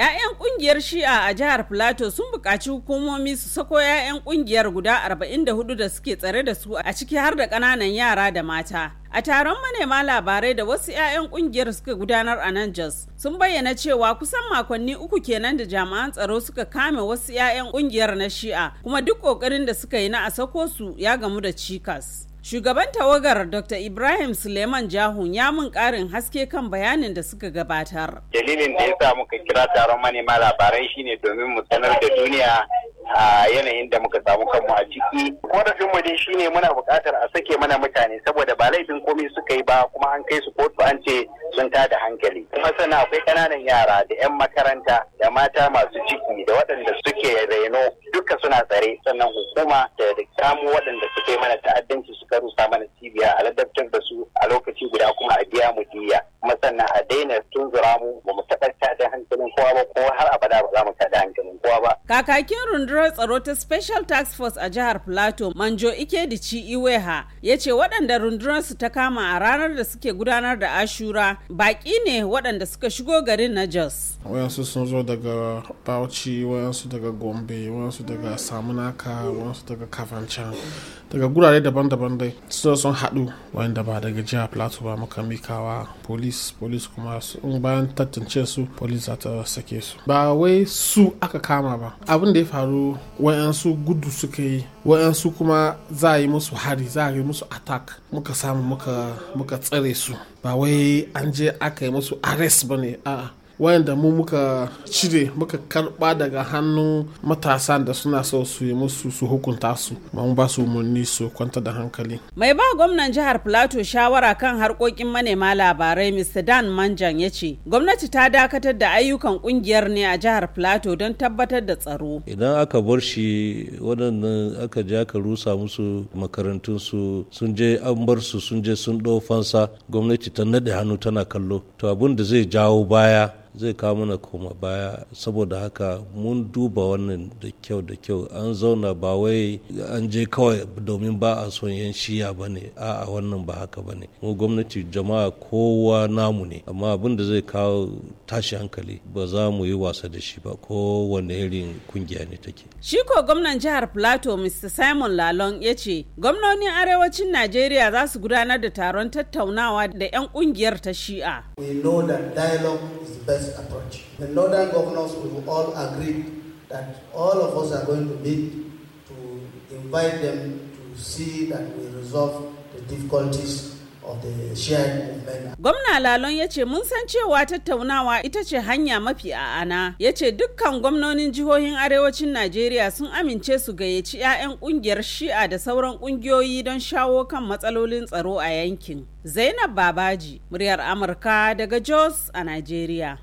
'Ya'yan ƙungiyar Shi'a a jihar Filato sun buƙaci hukumomi su sako 'ya'yan ƙungiyar guda 44 da suke tsare da su a ciki har da ƙananan yara da mata. A taron manema labarai da wasu 'ya'yan ƙungiyar suka gudanar a nan Jos sun bayyana cewa kusan makonni uku kenan da jami'an tsaro suka kame wasu 'ya'yan ƙungiyar na Shi'a kuma duk ƙoƙarin da suka yi na a sako su ya gamu da cikas. Shugaban tawagar Dr. Ibrahim Suleiman Jahun ya mun ƙarin haske kan bayanin da suka gabatar. Dalilin da ya sa muka kira taron manema labarai shine domin mu sanar da duniya a yanayin da muka samu kanmu a ciki korafin mu dai shine muna buƙatar a sake mana mutane saboda ba laifin komai suka yi ba kuma an kai su kotu an ce sun tada hankali kuma sannan akwai ƙananan yara da 'yan makaranta da mata masu ciki da waɗanda suke raino duka suna tsare sannan hukuma da samu waɗanda suka yi mana ta'addanci suka rusa mana cibiya a ladabtar da su a lokaci guda kuma a biya mu diya kuma sannan a daina tunzura mu ba mu taɓa tada hankalin kowa ba kowa Kakakin rundunar tsaro ta Special Task Force a jihar Plateau, Manjo Ikedici Iweha, ya ce waɗanda rundunar su ta kama a ranar da suke gudanar da Ashura baƙi ne waɗanda suka shigo garin na Jos. Wayansu sun zo daga Bauchi, wayansu daga Gombe, wayansu daga Samunaka, wayansu daga Kafancan, daga gurare daban-daban dai. Sun sun haɗu wayanda ba daga jihar Plateau ba muka mikawa police, police kuma bayan tattance su, police za ta sake su. Ba wai su aka kama ba. abin da ya faru wayansu gudu suka yi wayansu kuma za a yi musu hari za a yi musu attack muka samu muka tsare su ba wai an je aka yi musu arrest ba ne a'a wayanda mu muka cire muka karba daga hannun matasan da suna so su yi musu su hukunta su mun ba su umarni su kwanta da hankali mai ba gwamnan jihar plateau shawara kan harkokin manema labarai mr dan manjan ya ce gwamnati ta dakatar da ayyukan kungiyar ne a jihar plateau don tabbatar da tsaro idan aka bar shi waɗannan aka je aka rusa musu makarantunsu sun je an bar su sun je sun ɗau fansa gwamnati ta naɗe hannu tana kallo to abin da zai jawo baya zai kawo mana koma baya saboda haka mun duba wannan da kyau da kyau an zauna ba wai an je kawai domin ba a son yan shiya ba ne a wannan ba haka ba ne mu gwamnati jama'a kowa namu ne amma abin da zai kawo tashi hankali ba za mu yi wasa da shi ba kowane irin kungiya ne take shi ko gwamnan jihar plateau mr simon lalon ya ce gwamnonin arewacin najeriya za su gudanar da taron tattaunawa da 'yan kungiyar ta shi'a we best approach. The northern governors will all agree that all of us are going to meet to invite them to see that we resolve the difficulties Gwamna Lalon ya ce mun san cewa tattaunawa ita ce hanya mafi a'ana. Ya ce dukkan gwamnonin jihohin arewacin Najeriya sun amince su gayyaci 'ya'yan kungiyar shi'a da sauran kungiyoyi don shawo kan matsalolin tsaro a yankin. Zainab Babaji, muryar Amurka daga Jos a Najeriya.